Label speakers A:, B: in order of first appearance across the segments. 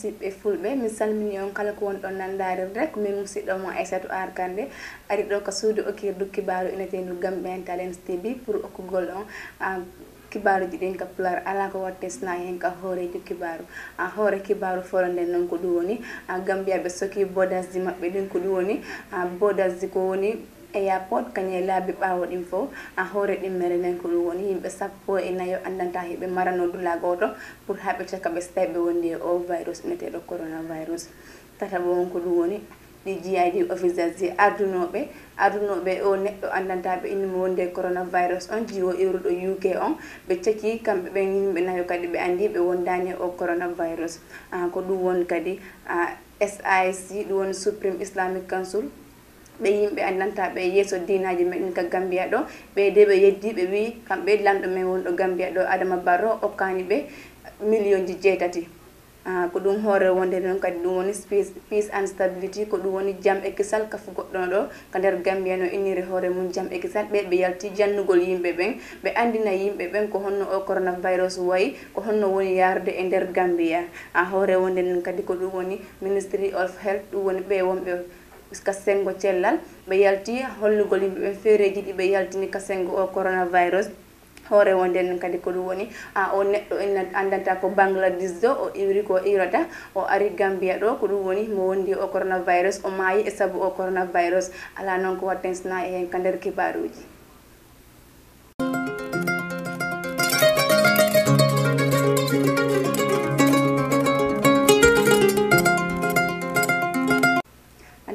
A: musidɓe fulɓe min salmini on kala ko woni ɗon nanndaare e rek min musidɗo mo aissatu argande ari ɗo ko suudu okirdu kibaru inatenu gambe intalens tv pour okkugol on kibaruji ɗin ka pular ala ko watte sna hen ka hooreji kibaru a hoore kibaru foro nden noon ko ɗum woni gambiyaɓe soki bodasji maɓɓe ɗin ko ɗum woni bodasji ko woni E airport kañe laabi ɓawo ɗin fo a hoore ɗin mere nen ko ɗum woni yimɓe sappo e nayo andanta heɓe marano dula goto pour ha ɓe caka ɓe sitaɓe wondi e o virus ineteɗo coronavirus tata bo won ko ɗum woni ɗi jiyaji officiage ardunoɓe ardunoɓe o neɗɗo andantaɓe inimo wonde coronavirus on jiwo iruɗo uk on ɓe ceki kamɓe ɓen yimɓe nayo kadi ɓe andi ɓe wondani o coronavirus ko ɗum woni kadi sic ɗum woni supreme islamic council ɓe yimɓe andanta ɓe yeeso dinaji meɗen ka gambiya ɗo ɓe de ɓe yeddi ɓe wi kamɓe lamɗo men wonɗo gambiya ɗo adama barro okkani ɓe million ji jeetati ah, ko ɗum hoore wonde noon kadi ɗum woni peace and stability ko ɗum woni jam ekisal ka fu goɗɗono ɗo ka nder gambiya no innire hoore mum jam ekisal ɓe ɓe yalti jannugol yimɓe ɓen ɓe andina yimɓe ɓen ko honno o coronavirus wayi ko honno woni yarde e nder gambiya a ah, hoore wonde noon kadi ko ɗum woni ministry of health ɗum woni ɓe wonɓe puisque sengo cellal ɓe yalti hollugol yimɓe ɓen feereji ɗi ɓe yaltini ka sengo o oh, coronavirus hoore wonde nen kadi ko ɗum woni a ah, o neɗɗo en anndanta ko bangladis ɗo o iwri ko iwrata o ari gambiya ɗo ko ɗum woni mo wondi o oh, coronavirus o maayi e sabu o oh, coronavirus ala noon ko watten sina e hen ka nder kibaruji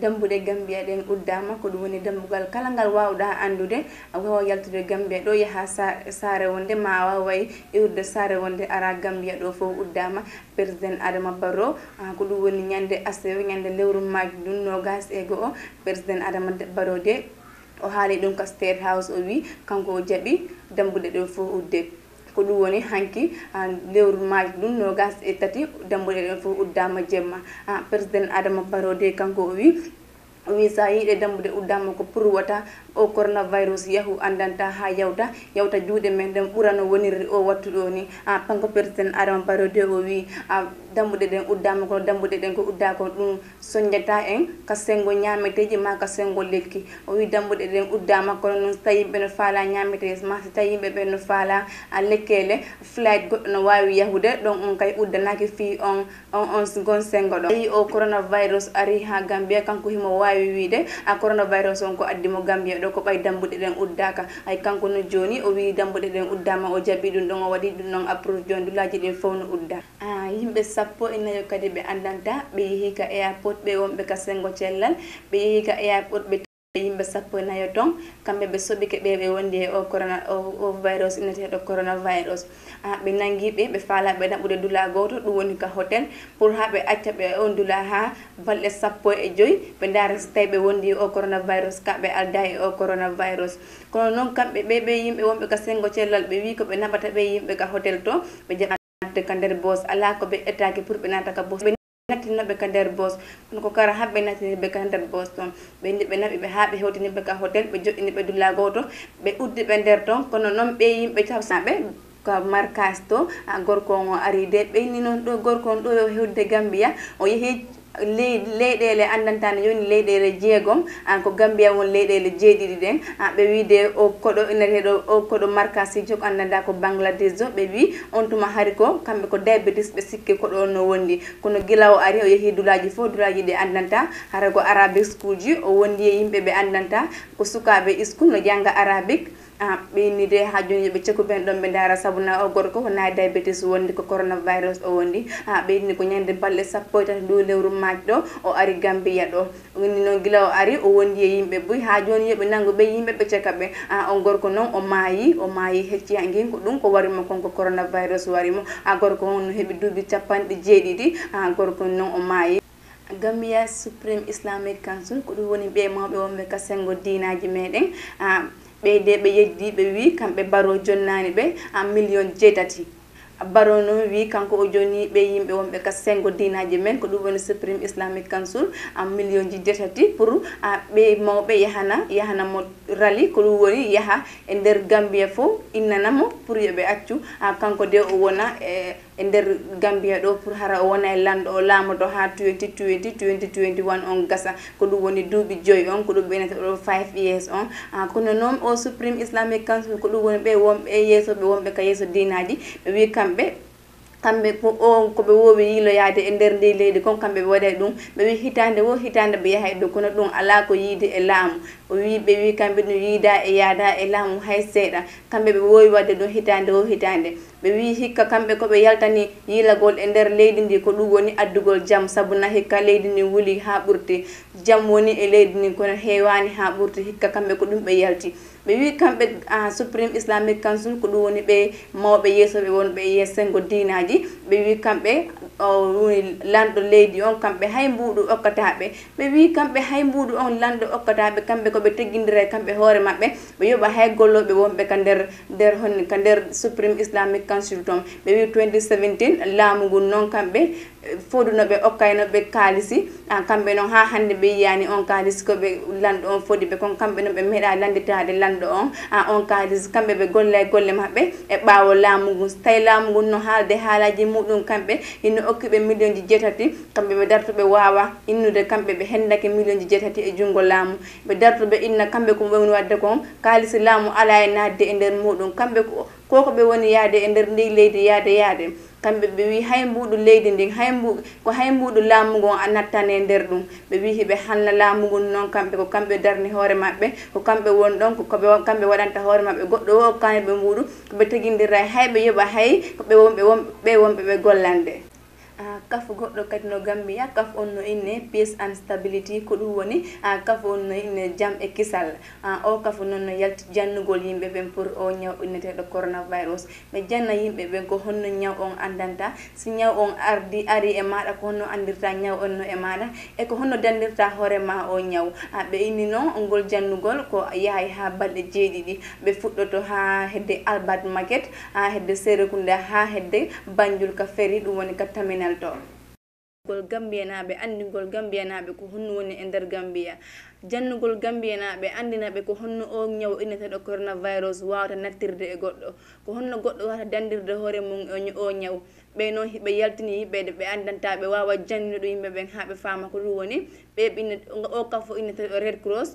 A: dambude gambiya ɗen uddama ko ɗum woni dambugal kala ngal wawɗa andude a wawa yaltude gambiya ɗo yaaha saare wonde ma a wawayi iwrde saare wonde ara gambiya ɗo fof uddama président adama baro ko ɗum woni ñande asew ñande lewru maji ɗum nogas ego o président adama baro de o haali ɗum ko state house o wi kanko o jaaɓi dambude ɗo fof udde ko ɗum woni hanki lewru maji ɗum nogas e tati dambude ɗen fof uddama jemma président adama baro de kanko o wi wi sa yiiɗe dambude uddama ko pour wota o coronavirus yahu andanta ha yawta yawta juuɗe men ɗen ɓurano wonirde o wattu ɗo ni a panko persen arama barode o wi a dambude ɗen uddama kono dambude ɗen ko udda ko ɗum soñjata en ka sengo ñameteji ma ka sengo lekki o wi dambude ɗen uddama kono noon so tawi yimɓe no faala ñamete ma so tawi yimɓe ɓe no faala a lekkele flight goɗɗo no wawi yahude ɗon on kay uddanaki fi on on on gon sengo ɗon tawi o coronavirus ari ha gambia kanko himo wawi wawi wiide a coronavirus on ko addimo gambia ɗo ko ɓay dambuɗe ɗen uddaka ay kanko no joni o wi dambuɗe ɗen uddama o jaɓɓi ɗum ɗon o waɗi ɗum noon approuve joni dulaji ɗin fof no udda yimɓe sappo e nayo kadi ɓe andanta ɓe yeehi ka airport ɓe wonɓe ka sengo cellal ɓe yeehi ka airport ɓe yimɓe sappo e nayo toon kamɓe ɓe soɓike ɓe ɓe wondi e o corona o virus inneteɗo coronavirus ha ɓe nangui ɓe ɓe faala ɓe ɗaɓɓude dula goto ɗum woni ka hôtel pour ha ɓe acca ɓe on dula ha balɗe sappo e joyyi ɓe dara so tawi ɓe wondi o coronavirus ka ɓe alda e o coronavirus kono noon kamɓe ɓe ɓe yimɓe wonɓe ka sengo cellal ɓe wi ko ɓe naɓata ɓe yimɓe ka hôtel to ɓe jaɓa ka nder bos ala ko ɓe etake pour ɓe nataka bos nattinoɓe ka nder bos ko kara haɓe nattinirɓe ka nder bos toon ɓe ndi ɓe naɓiɓe haa ɓe hewtiniɓe ka hôtel ɓe joɗɗiniɓe dulla gooto ɓe uddi ɓe nder toon kono noon ɓe yimɓe tawsaɓe ko markas to gorko o ari de ɓeyni noon ɗo gorko on ɗo hewdide gambiya o yeehi leyɗele andantane yoni leyɗele jeegom an ko gambiya won leyɗele jeeɗiɗi ɗen an ɓe wiide o koɗo ineteɗo o koɗo marka sijo ko andanda ko bangladise o ɓe wi on tuma haari ko kamɓe ko diabétis ɓe sikke koɗo no wondi kono guila o ari o yeehi dulaji fof dulaji ɗi andanta hara ko arabique school ji o wondi e yimɓeɓe andanta ko sukaɓe iscool e no jangga arabique an ɓeynide ha joni yoɓe cekku ɓen ɗon ɓe dara sabu na o gorko hona diabétis wondi ko coronavirus o wondi ha ɓeyni ko ñande balɗe sappo e tati ɗo lewru maji ɗo o ari gambiya ɗo ni noon guila o ari o wondi e yimɓe boyi ha joni yoɓe nangoɓe yimɓeɓe ceka ɓe a o gorko noon o maayi o maayi hecci ha gin ko ɗum ko warimo konko coronavirus warimo ha gorko on no heeɓi duuɓi capanɗe jeeɗiɗi ha gorko noon o maayi gambiya supreme islamique council ko ɗum woni ɓe mawɓe wonɓe ka sengo dinaji meɗen a uh, ɓeyde ɓe yeddi ɓe wi kamɓe mbaro jonnani ɓe en million jeetati baro noon wi kanko o joni ɓe yimɓe wonɓe ka sengo dinaji men ko ɗum woni supprime islamic council a million ji detati pour a ɓe mawɓe yahana yahana mo rali ko ɗum woni yaaha e nder gambia fo innanamo pour yoɓe accu a kanko de o wona e e nder gambia ɗo pour hara o wona e lanɗo o laamoto ha 2020 20 2021 on gasa ko ɗum woni duuɓi joyi on ko ɗum ɓeynata ɗo 5 years on a kono noon o supprime islamic council ko ɗum woni ɓe wonɓe yeesoɓe wonɓe ka yeeso dinaji ɓe wi kam kamɓe kamɓe o ko ɓe woowi yiiloyaade e ndeer ndey leydi kon kamɓe ɓe waɗay ɗum ɓe wi hitaande wo hitaande ɓe yahay ɗum kono ɗum alaa ko yiide e laamu o wi ɓe wi kamɓe ɗum yiida e yaada e laamu hay seeɗa kamɓe ɓe woowi waɗde ɗum hitaande wo hitaande ɓe wi hikka kamɓe ko ɓe yaltani yiilagol e ndeer leydi ndi ko ɗum woni addugol jam sabu na hikka leydi ndi wuli haa ɓurti jam woni e leydi ndi kono heewaani haa ɓurti hikka kamɓe ko ɗum ɓe yalti ɓe wi kamɓe uh, supreme islamic council ko ɗum woni ɓe mawɓe yeeso ɓe wonɓe yessengo dinaji ɓe wi kamɓe woni lanɗo leydi on kamɓe hay mbuuɗu okkataɓe ɓe wi kamɓe hay mbuuɗu on lanɗo okkataɓe kamɓe koɓe teggidira e kamɓe hoore maɓɓe ɓe yoɓa hay golloɓe wonɓe ka nder nder honi ka nder supreme islamic council toon ɓe wi 2017 laamu ngu noon kamɓe foduno ɓe okkayno ɓe kaalisi an ah, kamɓe noon ha hannde ɓe yiyani on kaalisi ko ɓe lanɗo on fodi ɓe kon kamɓe noon ɓe meeɗa landitade lanɗo on a ah, on kaalisi kamɓe ɓe golla e golle maɓɓe e ɓaawo laamu ngun so tawi laamu ngun noon haalde haalaji muɗum kamɓe hino okkiɓe million ji jeetati kamɓe ɓe darto ɓe wawa innude kamɓe ɓe hendake million ji jeetati e junngo laamu ɓe darto ɓe inna kamɓe ko ɓewni wadde kon kaalisi laamu ala e naatde e nder muɗum kamɓe ko ko ko ɓe woni yaade e nder ndi leydi yaade yaade kamɓe ɓe wi hay mbuɗu leydi ndin hay mbu ko hay mbuɗu laamu ngon a nattane e nder ɗum ɓe wi hiɓe halna laamu ngun noon kamɓe ko kamɓe darni hoore maɓɓe ko kamɓe won ɗon koɓe kamɓe waɗanta hoore maɓɓe goɗɗo o kane ɓe mbuɗu koɓe tegindirra hay ɓe yoɓa hay koɓe wonɓe wonɓe ɓe wonɓe ɓe gollande kaf goɗɗo kadi no gambiya kaf on no inne peace and stability ko ɗum woni a kaf on no inne jam e kisal a o kaf noon no yalti jannugol yimɓe ɓen pour o ñaw inneteɗo coronavirus mais janna yimɓe ɓen ko honno ñaw on andanta si ñaw on ardi ari e maɗa ko honno andirta ñaw on no e maɗa e ko honno dandirta hoorema o ñaw a ɓe inni noon ngol jannugol ko yahay ha balɗe jeeɗiɗi ɓe fuɗɗoto ha hedde albert maket ha hedde sérekunda ha hedde banjul ka feri ɗum woni ka taminal to gol gambiya naaɓe anndigol gambiya naaɓe ko honno woni e ndeer gambiya janndugol gambiya naaɓe anndinaaɓe ko honno o ñawu innetee ɗo coronavirus waawata nattirde e goɗɗo ko honno goɗɗo waawata danndirde hoore mum o ñawu ɓey noon ɓe yaltini yimɓeede ɓe anndantaa ɓe waawa janndino ɗo yimɓe ɓen haa ɓe faama ko ɗum woni ɓe ɓinne o kam fof innetee ɗo red cross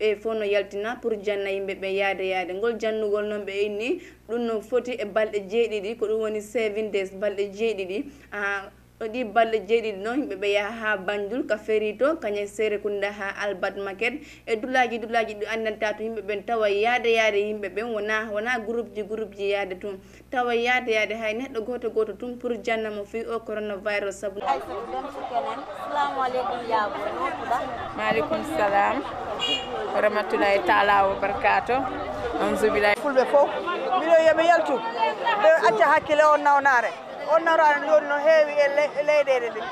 A: ɓe fof no yaltina pour janna yimɓe ɓe yaade yaade ngol janndugol noon ɓe inni ɗum no foti e balɗe jeeɗiɗi ko ɗum woni sevin days balɗe jeeɗiɗi a ɗo ɗi balɗe jeeɗiɗi noon yimɓeɓe yaha ha bandiol ka feri to kañen sere kunda ha albat maket e dulaji dulaji ɗi andanta to yimɓeɓen tawa yaade yaade yimɓe ɓen wona wona groupe ji groupe ji yaade tum tawa yaade yaade hay neɗɗo goto goto tum pour janna mo fii o coronavirus sabu
B: maaleykum salam
A: rahmatullahi taala wabarkato on zubilay fulɓe fof
C: mbiɗo yomi yaltu ɓe acca hakkille on nawnare on narani lori no heewi e leyɗele ɗin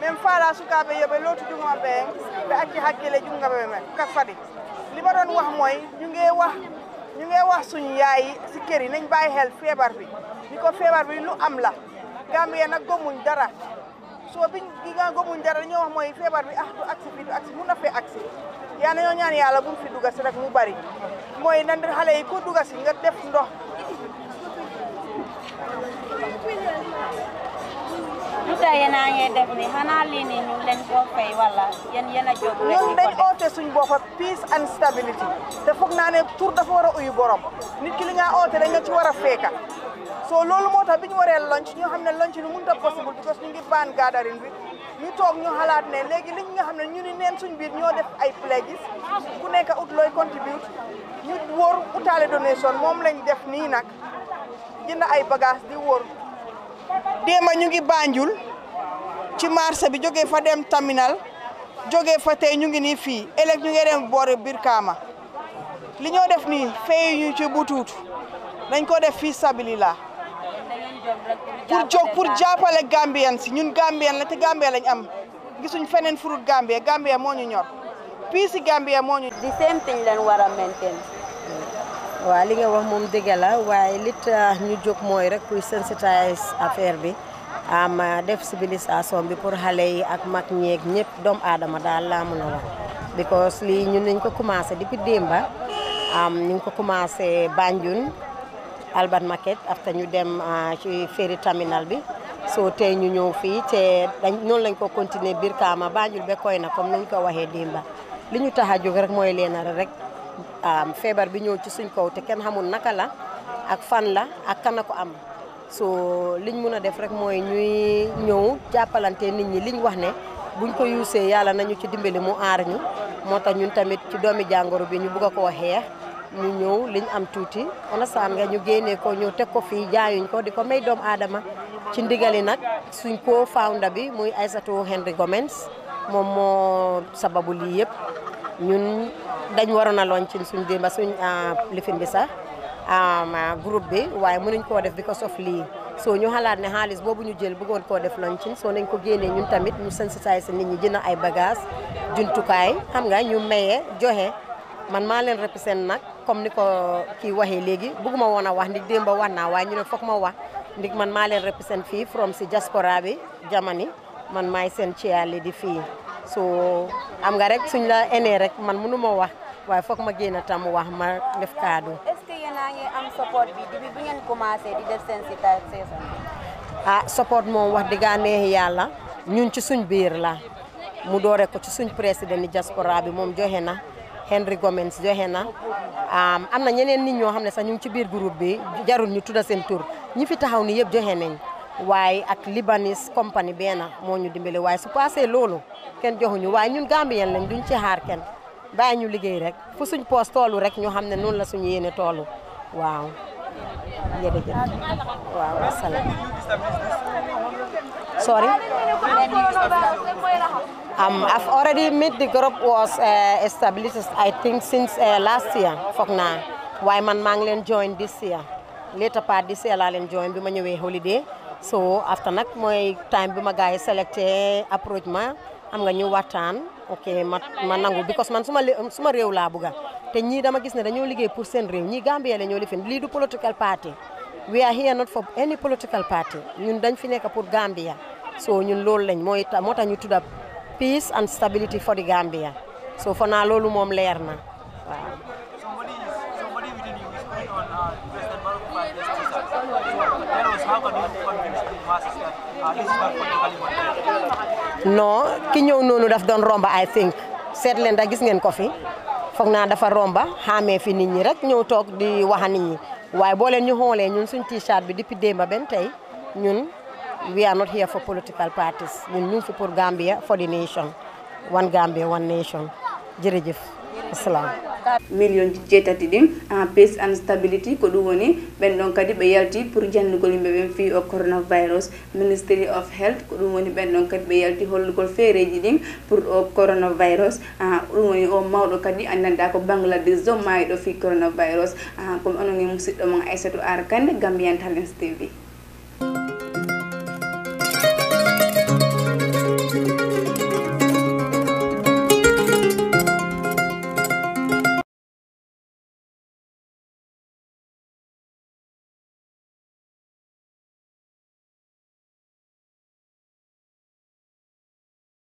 C: min faala sukaɓe yooɓe lottuɗum maɓɓe hen ɓe acci hakkille junggaɓe men kafadi lima ɗon wah moy ñugue wah ñugue wah suñ yaayi sikkeri nañ mbawi hel feebar bi ni ko feebar bi lu am la gambie nak gomuñ dara so biñ giga gomuñ dara ñoo wax moy feebar bi ah du si bi du aksi mun na fee aksi yaa nañoo ñaan yàlla bu mu fi duga si rek mu bari mooy nandir xale yi ku duga si nga def ndox
A: oota yéen a ngi nii ñu leen koo fay wala yéen yéen a jóg rek ñun dañ
C: oote suñ boppa peace and stability te foog naa ne tur dafa war a uyu borom nit ki li nga oote dañ nga ci a feeka so loolu moo tax bi ñu waree lonc ñu xam ne lonc nu mënut a possible parce que ñu ngi baan gathering bi ñu toog ñu xalaat ne léegi liñ nga xam ne ñu ni neen suñ biir ñoo def ay pledges ku nekk ut looy contribute ñu wóor utaale donation moom lañ def nii nag jënd ay bagage di wóor déema ñu ngi Banjul ci marché bi joge fa dem terminal joge fa tey ñu ngi nii fii ëllëg ñu ngi dem boori Brikama li ñoo def nii fay ñu ci butuutu dañ ko def fii sabilila
B: pour jóg pour jàppale
C: Gambien si ñun Gambien la te Gambien lañ am gisuñ feneen furut Gambien Gambien moo ñu ñor pii si Gambien moo ñu. di same thing lañ war a maintain.
B: waaw li nga wax moom dëgg la waaye li tax ñu jog mooy rek pour sensitiser affaire bi. am def civilisation bi pour xale ak mag ñeeg ñëpp doom aadama daal laa mun a wax because lii ñun nañ ko commencé depuis démba am ñu ko commencé Banjul Albert Market after ñu dem ah, ci ferry terminal bi soo tey ñu ñëw fii te dañ noonu lañ ko continuer biir Kaama Banjul be koy na comme nuñ ko waxee dimba li ñu tax a jóg rek mooy leena rek feebar bi ñëw ci suñ kaw te kenn xamul naka la ak fan la ak kana ko am so liñ mun a def rek mooy ñuy ñëw jàppalante nit ñi liñ wax ne buñ ko yuusee yàlla nañu ci dimbali mu aar ñu moo tax ñun tamit ci doomi jàngoro bi ñu bugg a koo xeex ñu ñëw liñ am tuuti onasaan nga ñu génnee ko ñu teg ko fii jaayuñ ko di ko may doomu aadama ci ndigali nag suñ ko founder bi muy Aysatu Henry Gomez moom moo sababu lii yëpp ñun dañ waroon a loon ci suñ démba suñ ah, lifin bi sax Ah, groupe bi waaye mënuñ koo def di ko of lii so ñu xalaat ne xaalis boobu ñu jël bëggoon koo def launching so nañ ko génnee ñun tamit ñu sensitiser nit ñi jënd ay bagages jumtukaay xam nga ñu maye joxe man maa leen represent nag comme ni ko kii waxee léegi bëgguma woon a wax ndig démb ba wax naa waaye ñu ne foog ma wax ndig man maa leen represent fii from si diaspora bi jamani man maay seen ciyaale di fii so am nga rek suñ la enee rek man mënu ma wax waaye foog ma génn tam wax ma def kaadu am support bi depuis di def ah, moom wax dëgg neex yàlla ñun ci suñ biir la mu doore ko ci suñ président diaspora bi moom joxe na Henry Gomez joxe na am na ñeneen nit ñoo xam ne sax ñu ngi ci biir groupe bi jarul ñu tudda seen tur ñi fi taxaw ni yëpp joxe nañ waaye ak Libanese compagnie benn moo ñu dimbale waaye su passé loolu kenn joxuñu waaye ñun Gambien lañ duñ ci xaar kenn bàyyi ñu liggéey rek fu suñ poos toolu rek ñu xam ne noonu la suñu yéene toolu waaw jërëjëf waaw wasalaam sorry Um, I've was uh, established, I think, since uh, last year. foog naa waaye man maa ngi leen join this year later part this year laa leen join bi ma ñëwee holiday so after nag mooy time bi ma gars yi approach ma am nga ñu wataan ok ma ma nangu because man suma um, suma réew laa bëgga te ñii dama gis ne dañoo liggéey pour seen réew ñii Gambia la ñoo fin lii du political party we are here not for any political party ñun dañ fi nekk pour Gambia so ñun loolu lañ mooy moo tax ñu tudda peace and stability for the Gambia so fo na loolu moom leer na waaw. Uh,
A: how can
C: you convince the masses that uh, this is not politically motivated?
B: non ki ñëw noonu daf doon romba I think seet leen rek gis ngeen ko fi foog naa dafa romba xaamee fi nit ñi rek ñëw toog di waxa nit ñi waaye boo leen ñu xoolee ñun suñ t-shirt bi depuis démb benn tey ñun we are not here for political parties ñun ñu fi pour Gambia for the nation one Gambia one nation jërëjëf asalaam million
A: jeetati ɗin en pace and stability ko ɗum woni ɓen ɗon kadi ɓe yalti pour janndugol yimɓe ɓen fi o coronavirus ministry of health ko ɗum woni ɓen ɗon kadi ɓe yalti hollugol feereji ɗin pour o coronavirus ɗum woni o mawɗo kadi anndanɗa ko bangladise o maayiɗo fi coronavirus comme ononi e musidɗo mon aissatou arkande gambiyan talence tv